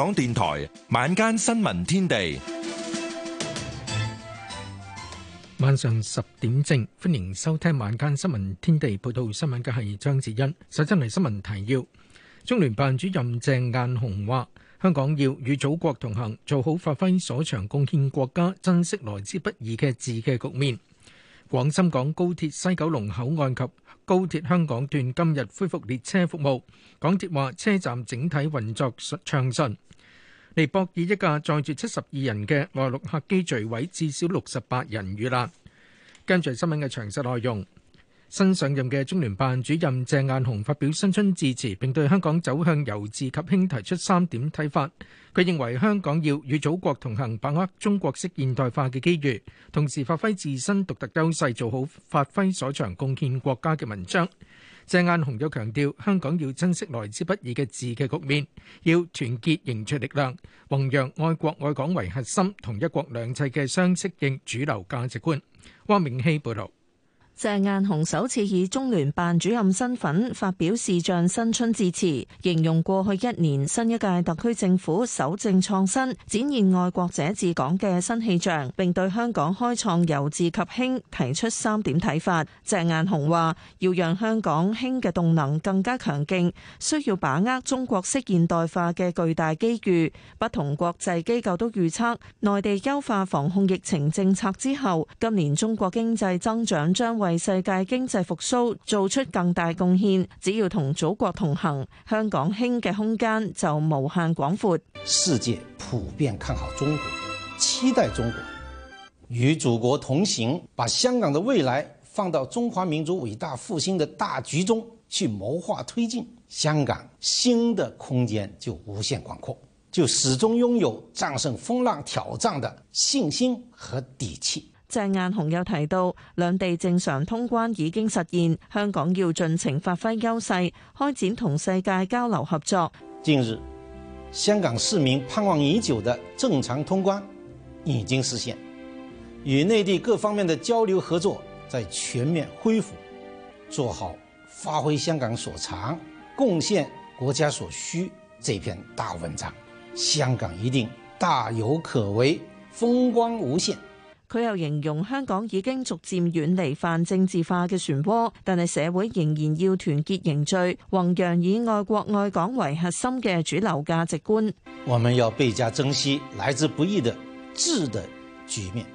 港電台晚間新聞天地，晚上十點正，歡迎收聽晚間新聞天地。報道新聞嘅係張志恩。首先嚟新聞提要：中聯辦主任鄭雁雄話，香港要與祖國同行，做好發揮所長、貢獻國家，珍惜來之不易嘅字嘅局面。廣深港高鐵西九龍口岸及高鐵香港段今日恢復列車服務，港鐵話車站整體運作暢順。尼泊爾一架載住七十二人嘅內陸客機墜毀，至少六十八人遇難。跟住新聞嘅詳細內容，新上任嘅中聯辦主任鄭雁雄發表新春致辭，並對香港走向由治及興提出三點睇法。佢認為香港要與祖國同行，把握中國式現代化嘅機遇，同時發揮自身獨特優勢，做好發揮所長、貢獻國家嘅文章。鄭雁雄又強調，香港要珍惜來之不易嘅治嘅局面，要團結凝聚力量，弘揚愛國愛港為核心、同一國兩制嘅相適應主流價值觀。汪明希報導。鄭雁雄首次以中聯辦主任身份發表視像新春致辭，形容過去一年新一屆特區政府守正創新，展現愛國者治港嘅新氣象，並對香港開創由治及興提出三點睇法。鄭雁雄話：要讓香港興嘅動能更加強勁，需要把握中國式現代化嘅巨大機遇。不同國際機構都預測，內地優化防控疫情政策之後，今年中國經濟增長將會為世界經濟復蘇做出更大貢獻，只要同祖國同行，香港興嘅空間就無限廣闊。世界普遍看好中國，期待中國與祖國同行，把香港的未來放到中華民族偉大復興的大局中去謀劃推進，香港新的空間就無限廣闊，就始終擁有戰勝風浪挑戰的信心和底氣。鄭雁雄又提到，兩地正常通關已經實現，香港要盡情發揮優勢，開展同世界交流合作。近日，香港市民盼望已久的正常通關已經實現，與內地各方面的交流合作在全面恢復，做好發揮香港所長，貢獻國家所需這篇大文章，香港一定大有可為，風光無限。佢又形容香港已經逐漸遠離泛政治化嘅漩渦，但係社會仍然要團結凝聚，弘揚以愛國愛港為核心嘅主流價值觀。我們要倍加珍惜來之不易的治的局面，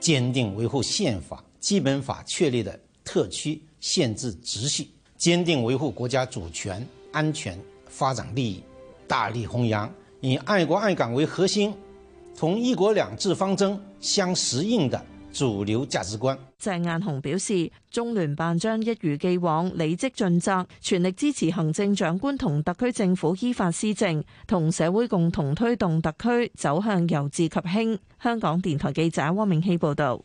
堅定維護憲法、基本法確立的特區憲制秩序，堅定維護國家主權、安全、發展利益，大力弘揚以愛國愛港為核心，同一國兩制方針相適應嘅主流價值觀。鄭雁雄表示，中聯辦將一如既往履職盡責，全力支持行政長官同特區政府依法施政，同社會共同推動特區走向由治及興。香港電台記者汪明熙報導。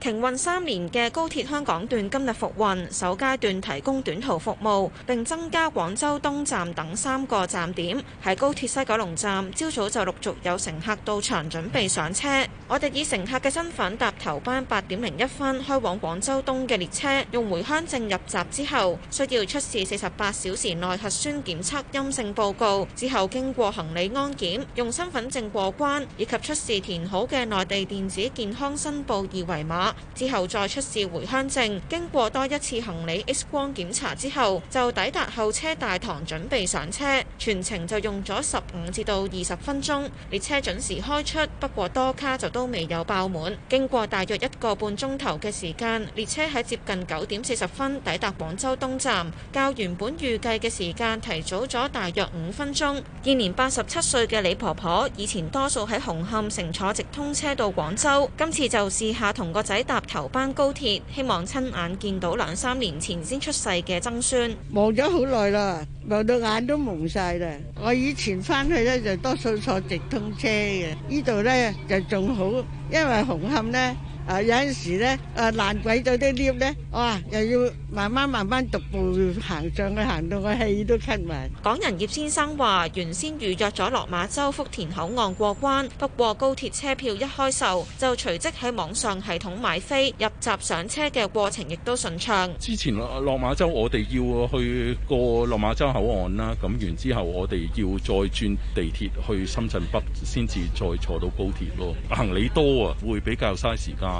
停運三年嘅高鐵香港段今日復運，首階段提供短途服務，並增加廣州東站等三個站點。喺高鐵西九龍站，朝早就陸續有乘客到場準備上車。我哋以乘客嘅身份搭頭班八點零一分開往廣州東嘅列車，用回鄉證入閘之後，需要出示四十八小時內核酸檢測陰性報告，之後經過行李安檢，用身份證過關，以及出示填好嘅內地電子健康申報二維碼。之後再出示回鄉證，經過多一次行李 X 光檢查之後，就抵達候車大堂準備上車，全程就用咗十五至到二十分鐘。列車準時開出，不過多卡就都未有爆滿。經過大約一個半鐘頭嘅時間，列車喺接近九點四十分抵達廣州東站，較原本預計嘅時間提早咗大約五分鐘。現年八十七歲嘅李婆婆以前多數喺紅磡乘坐直通車到廣州，今次就試下同個仔。喺搭頭班高鐵，希望親眼見到兩三年前先出世嘅曾孫。望咗好耐啦，望到眼都蒙晒啦。我以前返去咧就多數坐直通車嘅，呢度咧就仲好，因為紅磡咧。啊有陣時咧，啊爛鬼咗啲 lift 咧，哇、啊、又要慢慢慢慢逐步行上去，去行到個氣都咳埋。港人葉先生話：原先預約咗落馬洲福田口岸過關，不過高鐵車票一開售就隨即喺網上系統買飛，入閘上車嘅過程亦都順暢。之前落馬洲我哋要去過落馬洲口岸啦，咁完之後我哋要再轉地鐵去深圳北，先至再坐到高鐵咯。行李多啊，會比較嘥時間。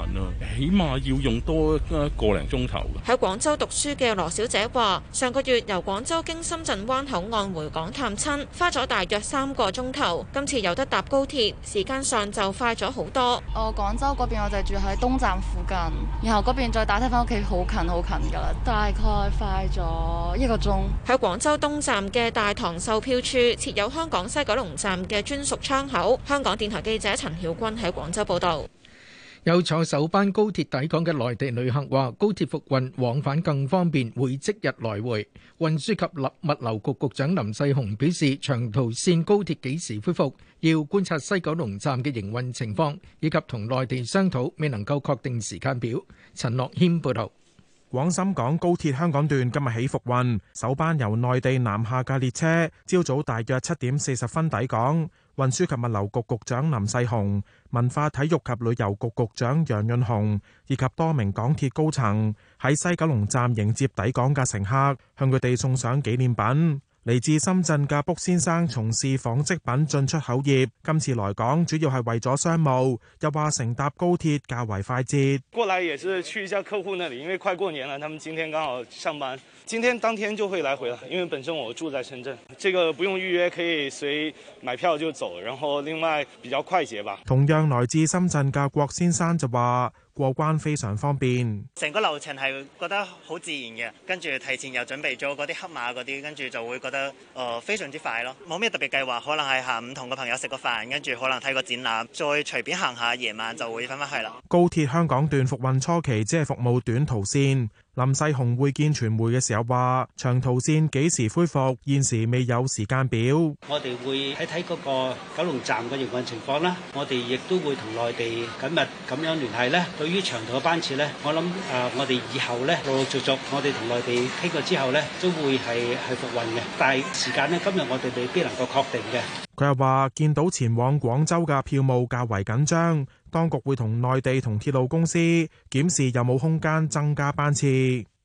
起碼要用多個零鐘頭。喺廣州讀書嘅羅小姐話：上個月由廣州經深圳灣口岸回港探親，花咗大約三個鐘頭。今次有得搭高鐵，時間上就快咗好多。哦、廣州那邊我廣州嗰邊我就住喺東站附近，然後嗰邊再打車返屋企，好近好近㗎啦。大概快咗一個鐘。喺廣州東站嘅大堂售票處設有香港西九龍站嘅專屬窗口。香港電台記者陳曉君喺廣州報道。有坐首班高鐵抵港嘅內地旅客話：高鐵復運往返更方便，會即日來回。運輸及物流局局長林世雄表示，長途線高鐵幾時恢復，要觀察西九龍站嘅營運情況，以及同內地商討，未能夠確定時間表。陳樂軒報導。廣深港高鐵香港段今日起復運，首班由內地南下嘅列車，朝早大約七點四十分抵港。運輸及物流局局長林世雄、文化體育及旅遊局局長楊潤雄以及多名港鐵高層喺西九龍站迎接抵港嘅乘客，向佢哋送上紀念品。嚟自深圳嘅卜先生，從事紡織品進出口業，今次來港主要係為咗商務，又話乘搭高鐵較為快捷。過來也是去一下客戶那裏，因為快過年了，他們今天剛好上班。今天當天就會來回啦，因為本身我住在深圳，這個不用預約，可以隨買票就走，然後另外比較快捷吧。同樣來自深圳嘅郭先生就話過關非常方便，成個流程係覺得好自然嘅，跟住提前又準備咗嗰啲黑碼嗰啲，跟住就會覺得誒非常之快咯。冇咩特別計劃，可能係下午同個朋友食個飯，跟住可能睇個展覽，再隨便行下，夜晚就會翻返去啦。高鐵香港段復運初期只係服務短途線。林世雄會見傳媒嘅時候話：長途線幾時恢復？現時未有時間表。我哋會睇睇嗰個九龍站嘅營運情況啦。我哋亦都會同內地緊密咁樣聯繫咧。對於長途嘅班次咧，我諗啊、呃，我哋以後咧陸陸續續，我哋同內地傾過之後咧，都會係係復運嘅。但係時間咧，今日我哋未必能夠確定嘅。佢又話，見到前往廣州嘅票務較為緊張，當局會同內地同鐵路公司檢視有冇空間增加班次。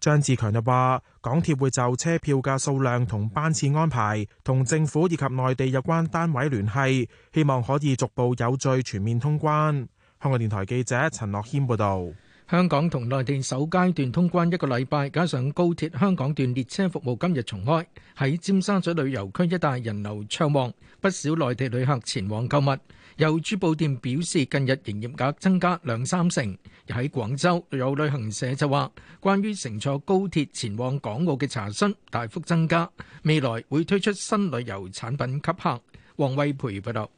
張志強就話：港鐵會就車票嘅數量同班次安排，同政府以及內地有關單位聯繫，希望可以逐步有序全面通關。香港電台記者陳樂軒報導。香港同內地首階段通關一個禮拜，加上高鐵香港段列車服務今日重開，喺尖沙咀旅遊區一帶人流暢旺，不少內地旅客前往購物。有珠寶店表示，近日營業額增加兩三成。喺廣州，有旅行社就話，關於乘坐高鐵前往港澳嘅查詢大幅增加，未來會推出新旅遊產品給客。黃慧培報道。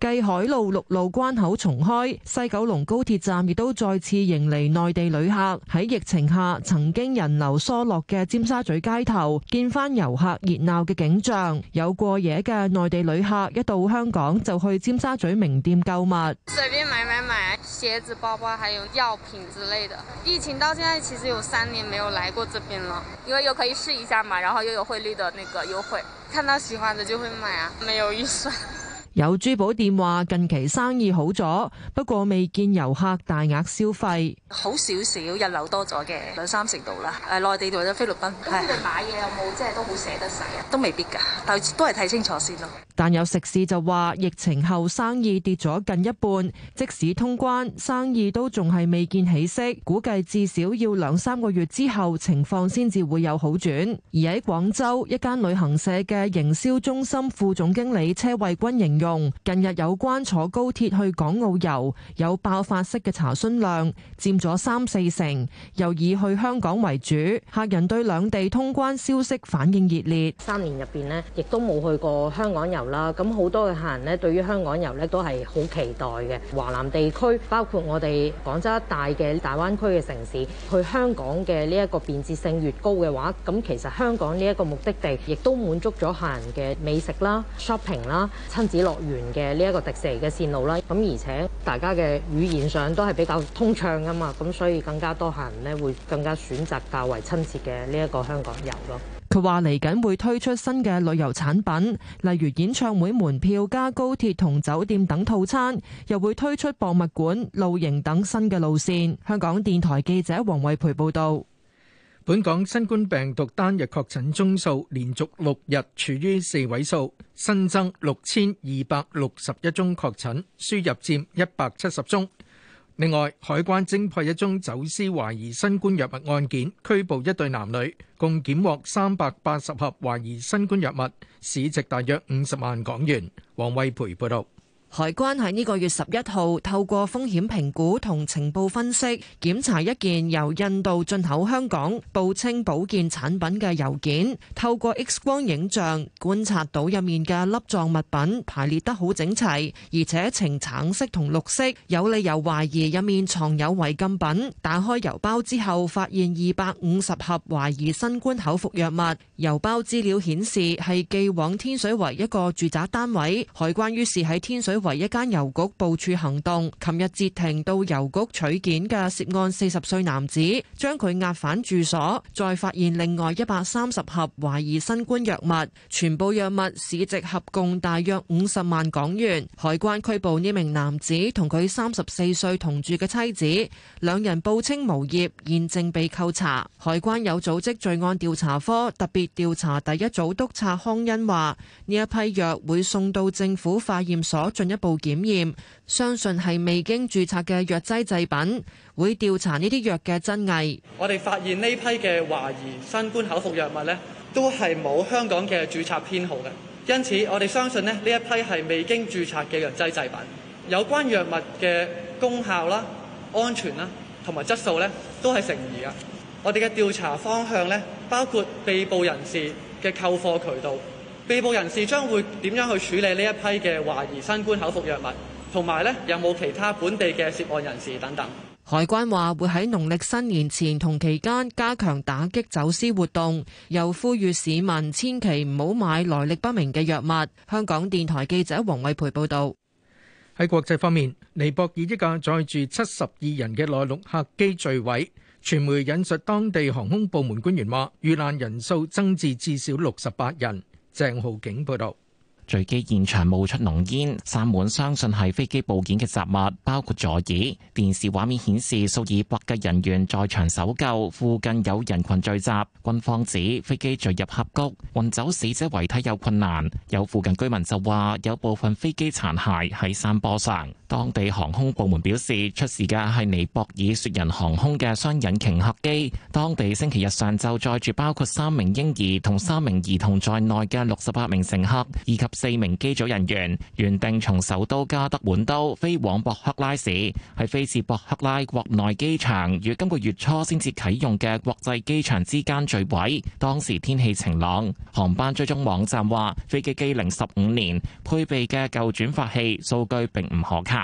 繼海路陸路關口重開，西九龍高鐵站亦都再次迎嚟內地旅客。喺疫情下，曾經人流疏落嘅尖沙咀街頭，見返遊客熱鬧嘅景象。有過夜嘅內地旅客一到香港就去尖沙咀名店購物，隨便買買買，鞋子、包包，還有藥品之類的。疫情到現在其實有三年沒有來過這邊了，因為又可以試一下嘛，然後又有匯率的那個優惠，看到喜歡的就會買啊，沒有預算。有珠寶店話近期生意好咗，不過未見遊客大額消費，好少少，人流多咗嘅兩三成度啦。誒，內地或者菲律賓，咁佢哋買嘢有冇即係都好捨得使啊？都未必噶，但都係睇清楚先咯。但有食肆就話疫情後生意跌咗近一半，即使通關，生意都仲係未見起色，估計至少要兩三個月之後情況先至會有好轉。而喺廣州一間旅行社嘅營銷中心副總經理車衛軍形容。用近日有關坐高鐵去港澳遊有爆發式嘅查詢量，佔咗三四成，又以去香港為主。客人對兩地通關消息反應熱烈。三年入面呢亦都冇去過香港遊啦。咁好多嘅客人咧，對於香港遊呢都係好期待嘅。華南地區包括我哋廣州一帶嘅大灣區嘅城市，去香港嘅呢一個便捷性越高嘅話，咁其實香港呢一個目的地亦都滿足咗客人嘅美食啦、shopping 啦、親子樂。源嘅呢一個迪士尼嘅線路啦，咁而且大家嘅語言上都係比較通暢噶嘛，咁所以更加多客人咧會更加選擇較為親切嘅呢一個香港遊咯。佢話嚟緊會推出新嘅旅遊產品，例如演唱會門票加高鐵同酒店等套餐，又會推出博物館露營等新嘅路線，香港電台記者黃慧培報道。本港新冠病毒單日確診宗數連續六日處於四位數，新增六千二百六十一宗確診，輸入佔一百七十宗。另外，海關偵破一宗走私懷疑新冠藥物案件，拘捕一對男女，共檢獲三百八十盒懷疑新冠藥物，市值大約五十萬港元。黃惠培報道。海關喺呢個月十一號，透過風險評估同情報分析，檢查一件由印度進口香港報稱保健產品嘅郵件，透過 X 光影像觀察到入面嘅粒狀物品排列得好整齊，而且呈橙色同綠色，有理由懷疑入面藏有違禁品。打開郵包之後，發現二百五十盒懷疑新冠口服藥物。郵包資料顯示，係寄往天水圍一個住宅單位，海關於是喺天水。為一間郵局部署行動，琴日截停到郵局取件嘅涉案四十歲男子，將佢押返住所，再發現另外一百三十盒懷疑新冠藥物，全部藥物市值合共大約五十萬港元。海關拘捕呢名男子同佢三十四歲同住嘅妻子，兩人報稱無業，現正被扣查。海關有組織罪案調查科特別調查第一組督察康恩話：呢一批藥會送到政府化驗所進一步檢驗，相信係未經註冊嘅藥劑製品，會調查呢啲藥嘅真偽。我哋發現呢批嘅懷疑新冠口服藥物咧，都係冇香港嘅註冊編號嘅，因此我哋相信咧，呢一批係未經註冊嘅藥劑製品。有關藥物嘅功效啦、安全啦同埋質素咧，都係成疑呀。我哋嘅調查方向咧，包括被捕人士嘅購貨渠道。被捕人士將會點樣去處理呢一批嘅懷疑新冠口服藥物，同埋咧有冇其他本地嘅涉案人士等等？海關話會喺農曆新年前同期間加強打擊走私活動，又呼籲市民千祈唔好買來歷不明嘅藥物。香港電台記者黃慧培報道。喺國際方面，尼泊爾一架載住七十二人嘅內陸客機墜毀，傳媒引述當地航空部門官員話，遇難人數增至至少六十八人。鄭浩景報道，墜機現場冒出濃煙，散滿相信係飛機部件嘅雜物，包括座椅。電視畫面顯示，數以百計人員在場搜救，附近有人群聚集。軍方指飛機墜入峽谷，運走死者遺體有困難。有附近居民就話，有部分飛機殘骸喺山坡上。當地航空部門表示，出事嘅係尼泊爾雪人航空嘅雙引擎客機。當地星期日上晝載住包括三名嬰兒同三名兒童在內嘅六十八名乘客，以及四名機組人員，原定從首都加德滿都飛往博克拉市，喺飛至博克拉國內機場與今個月初先至啟用嘅國際機場之間墜毀。當時天氣晴朗，航班追蹤網站話，飛機機齡十五年，配備嘅舊轉發器數據並唔可靠。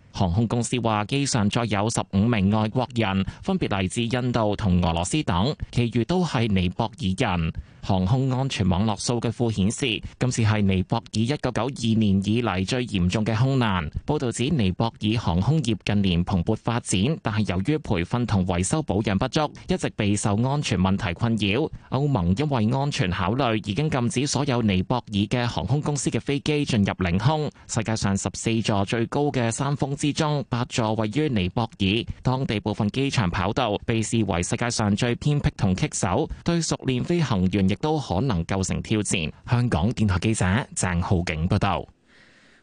航空公司話，機上載有十五名外國人，分別嚟自印度同俄羅斯等，其餘都係尼泊爾人。航空安全網絡數據庫顯示，今次係尼泊爾一九九二年以嚟最嚴重嘅空難。報道指，尼泊爾航空業近年蓬勃發展，但係由於培訓同維修保養不足，一直備受安全問題困擾，歐盟因為安全考慮，已經禁止所有尼泊爾嘅航空公司嘅飛機進入領空。世界上十四座最高嘅山峰。之中，八座位於尼泊爾當地部分機場跑道，被視為世界上最偏僻同棘手，對熟練飛行員亦都可能構成挑戰。香港電台記者鄭浩景報道。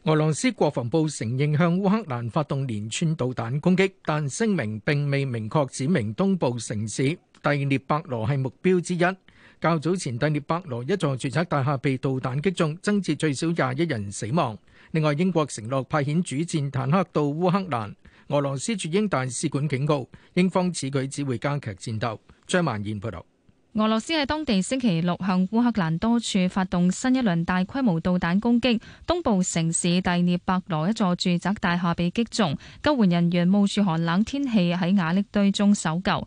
俄羅斯國防部承認向烏克蘭發動連串導彈攻擊，但聲明並未明確指明東部城市第聶伯羅係目標之一。較早前，第聶伯羅一座住宅大廈被導彈擊中，增至最少廿一人死亡。另外，英國承諾派遣主戰坦克到烏克蘭。俄羅斯駐英大使館警告，英方此舉只會加劇戰鬥。張曼燕報導。俄羅斯喺當地星期六向烏克蘭多處發動新一輪大規模導彈攻擊，東部城市第聶伯羅一座住宅大廈被擊中，救援人員冒住寒冷天氣喺瓦礫堆中搜救。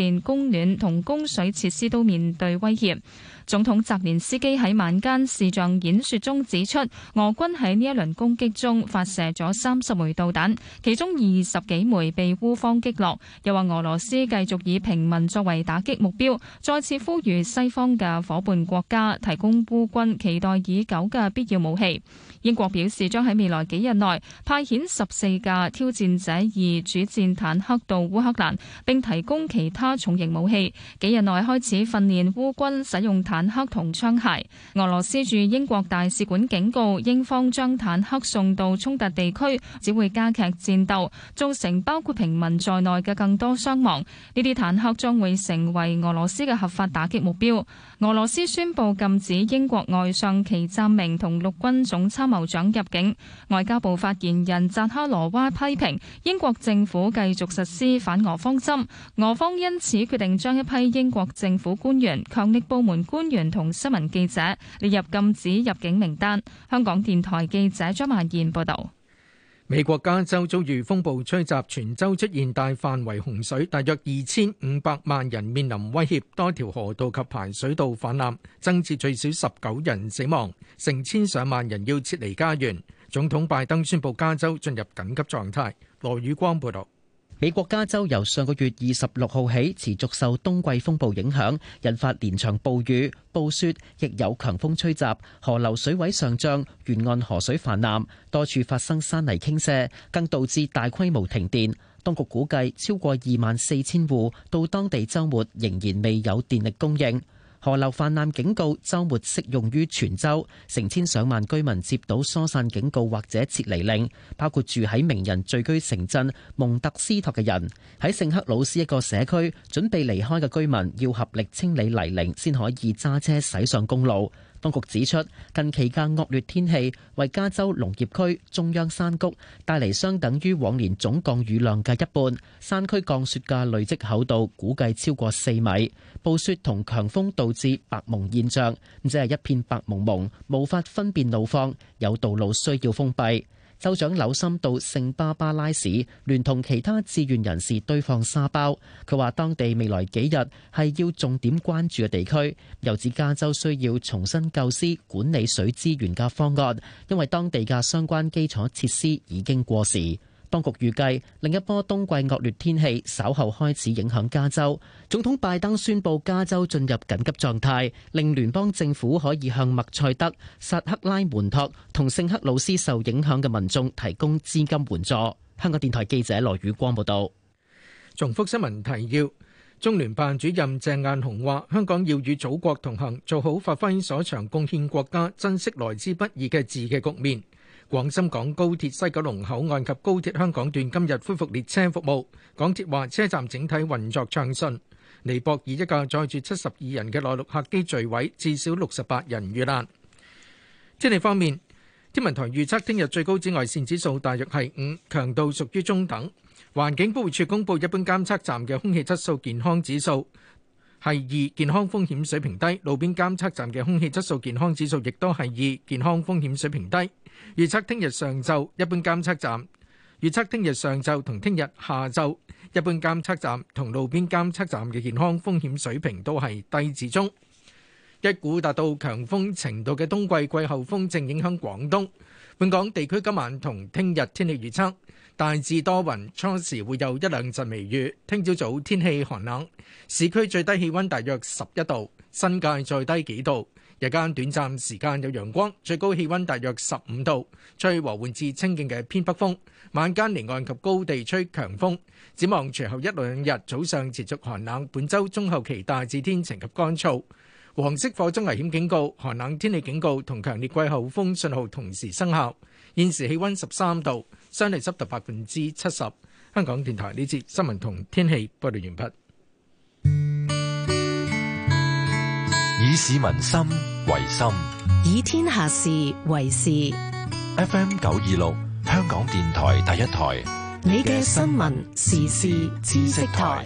連供暖同供水設施都面對威脅。總統澤連斯基喺晚間視像演說中指出，俄軍喺呢一輪攻擊中發射咗三十枚導彈，其中二十幾枚被烏方擊落。又話俄羅斯繼續以平民作為打擊目標，再次呼籲西方嘅伙伴國家提供烏軍期待已久嘅必要武器。英國表示將喺未來幾日內派遣十四架挑戰者二主戰坦克到烏克蘭，並提供其他。重型武器，幾日內開始訓練烏軍使用坦克同槍械。俄羅斯駐英國大使館警告英方將坦克送到衝突地區，只會加劇戰鬥，造成包括平民在內嘅更多傷亡。呢啲坦克將會成為俄羅斯嘅合法打擊目標。俄羅斯宣布禁止英國外相祁湛明同陸軍總參謀長入境。外交部發言人扎哈羅娃批評英國政府繼續實施反俄方針，俄方因。此決定將一批英國政府官員、強力部門官員同新聞記者列入禁止入境名單。香港電台記者張曼燕報道。美國加州遭遇風暴吹襲，全州出現大範圍洪水，大約二千五百萬人面臨威脅，多條河道及排水道氾濫，增至最少十九人死亡，成千上萬人要撤離家園。總統拜登宣布加州進入緊急狀態。羅宇光報道。美國加州由上個月二十六號起持續受冬季風暴影響，引發連場暴雨、暴雪，亦有強風吹襲，河流水位上漲，沿岸河水泛濫，多處發生山泥傾瀉，更導致大規模停電。當局估計超過二萬四千戶，到當地周末仍然未有電力供應。河流泛濫警告周末適用於全州，成千上萬居民接到疏散警告或者撤離令，包括住喺名人聚居城鎮蒙特斯托嘅人，喺聖克魯斯一個社區準備離開嘅居民要合力清理泥濘先可以揸車駛上公路。當局指出，近期嘅惡劣天氣為加州農業區中央山谷帶嚟相等於往年總降雨量嘅一半，山區降雪嘅累積厚度估計超過四米，暴雪同強風導致白蒙現象，咁即係一片白蒙蒙，無法分辨路況，有道路需要封閉。州長紐森到聖巴巴拉市，聯同其他志願人士堆放沙包。佢話：當地未來幾日係要重點關注嘅地區。又指加州需要重新構思管理水資源嘅方案，因為當地嘅相關基礎設施已經過時。當局預計另一波冬季惡劣天氣稍後開始影響加州。總統拜登宣布加州進入緊急狀態，令聯邦政府可以向麥塞德、薩克拉門托同聖克魯斯受影響嘅民眾提供資金援助。香港電台記者羅宇光報道。重複新聞提要：中聯辦主任鄭雁雄話，香港要與祖國同行，做好發揮所長、貢獻國家、珍惜來之不易嘅治嘅局面。廣深港高鐵西九龍口岸及高鐵香港段今日恢復列車服務，港鐵話車站整體運作暢順。尼泊爾一架載住七十二人嘅內陸客機墜毀，至少六十八人遇難。天氣方面，天文台預測聽日最高紫外線指數大約係五，強度屬於中等。環境保護署公布一般監測站嘅空氣質素健康指數。係二，健康風險水平低，路邊監測站嘅空氣質素健康指數亦都係二，健康風險水平低。預測聽日上晝一般監測站，預測聽日上晝同聽日下晝一般監測站同路邊監測站嘅健康風險水平都係低至中。一股達到強風程度嘅冬季季候風正影響廣東，本港地區今晚同聽日天氣預測。大致多雲，初時會有一兩陣微雨。聽朝早，早天氣寒冷，市區最低氣溫大約十一度，新界再低幾度。日間短暫時間有陽光，最高氣溫大約十五度，吹和緩至清勁嘅偏北風。晚間離岸及高地吹強風。展望隨後一兩日早上持續寒冷，本週中後期大致天晴及乾燥。黃色火災危險警告、寒冷天氣警告同強烈季候風信號同時生效。現時氣溫十三度。相對濕度百分之七十。香港電台呢節新聞同天氣報道完畢。以市民心為心，以天下事為事。FM 九二六，香港電台第一台，你嘅新聞時事知識台。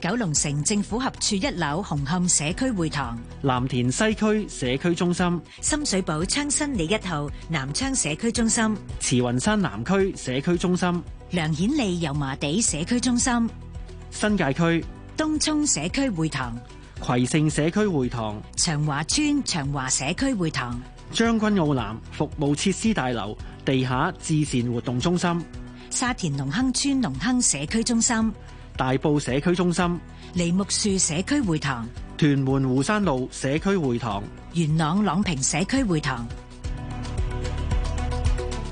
九龍城政府合署一樓紅磡社區會堂、藍田西區社區中心、深水埗昌新里一號南昌社區中心、慈雲山南區社區中心、梁顯利油麻地社區中心、新界區東涌社區會堂、葵盛社區會堂、長華村長華社區會堂、將軍澳南服務設施大樓地下至善活動中心、沙田隆亨村隆亨社區中心。大埔社區中心、梨木樹社區會堂、屯門湖山路社區會堂、元朗朗屏社區會堂，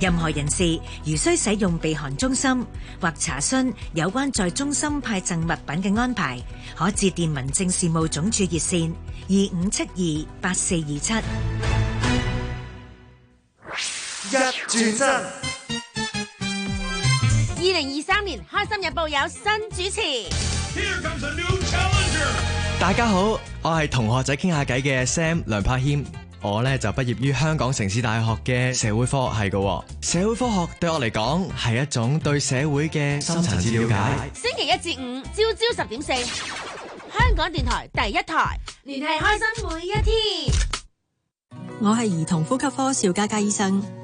任何人士如需使用避寒中心或查詢有關在中心派贈物品嘅安排，可致電民政事務總署熱線二五七二八四二七。一轉身。二零二三年《開心日報》有新主持。Here comes a new challenger. 大家好，我係同學仔傾下偈嘅 Sam 梁柏謙，我呢就畢業於香港城市大學嘅社會科學系嘅。社會科學對我嚟講係一種對社會嘅深層次了解。星期一至五朝朝十點四，香港電台第一台，聯繫開心每一天。我係兒童呼吸科邵嘉嘉醫生。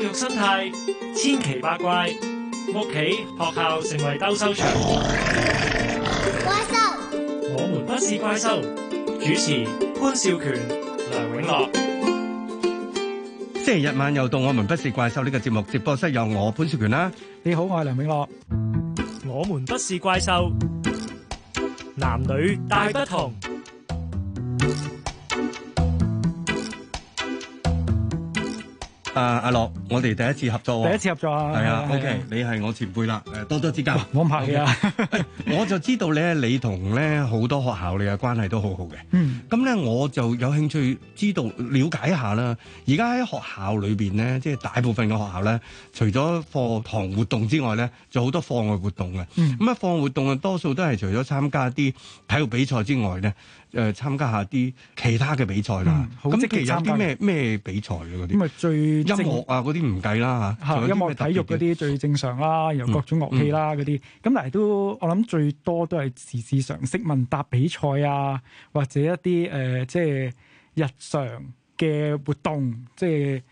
教育生態千奇百怪，屋企學校成為兜收場。怪獸宿，我們不是怪獸。主持潘少權、梁永樂。星期日晚又到我們不是怪獸呢、這個節目，直播室有我潘少權啦。你好，我係梁永樂。我們不是怪獸，男女大不同。啊！阿樂，我哋第一次合作喎，第一次合作啊，係啊，OK，你係我前輩啦，多多指教。我客氣啊，我就知道咧，你同咧好多學校你嘅關係都好好嘅。嗯，咁咧我就有興趣知道了解一下啦。而家喺學校裏邊咧，即係大部分嘅學校咧，除咗課堂活動之外咧，就好多課外活動嘅。嗯，咁啊，課外活動啊，多數都係除咗參加啲體育比賽之外咧。誒、呃、參加一下啲其他嘅比賽啦，咁即係其他啲咩咩比賽嘅嗰啲？咁啊最音樂啊嗰啲唔計啦嚇，仲有音樂體育嗰啲最正常啦，有各種樂器啦嗰啲。咁、嗯嗯、但係都我諗最多都係時事常識問答比賽啊，或者一啲誒、呃、即係日常嘅活動即係。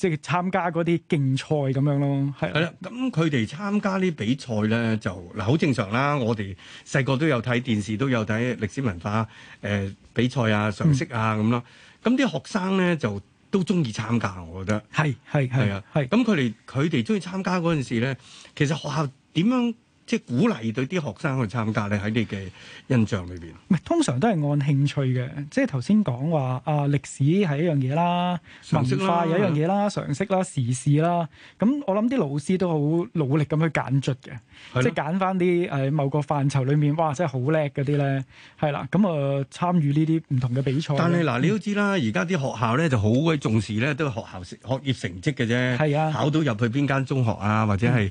即係參加嗰啲競賽咁樣咯，係啦。咁佢哋參加啲比賽咧，就嗱好正常啦。我哋細個都有睇電視，都有睇歷史文化誒、呃、比賽啊、常識啊咁咯。咁啲、嗯、學生咧就都中意參加，我覺得係係係啊。咁佢哋佢哋中意參加嗰陣時咧，其實學校點樣？即係鼓勵對啲學生去參加咧，喺你嘅印象裏面，唔係通常都係按興趣嘅。即係頭先講話啊，歷史係一樣嘢啦，文化有一樣嘢啦，常識啦，時事啦。咁我諗啲老師都好努力咁去揀出嘅，的即係揀翻啲誒某個範疇裏面，哇！真係好叻嗰啲咧，係啦。咁啊、呃，參與呢啲唔同嘅比賽。但係嗱，你都知啦，而家啲學校咧就好鬼重視咧，都係學校學學業成績嘅啫，的考到入去邊間中學啊，或者係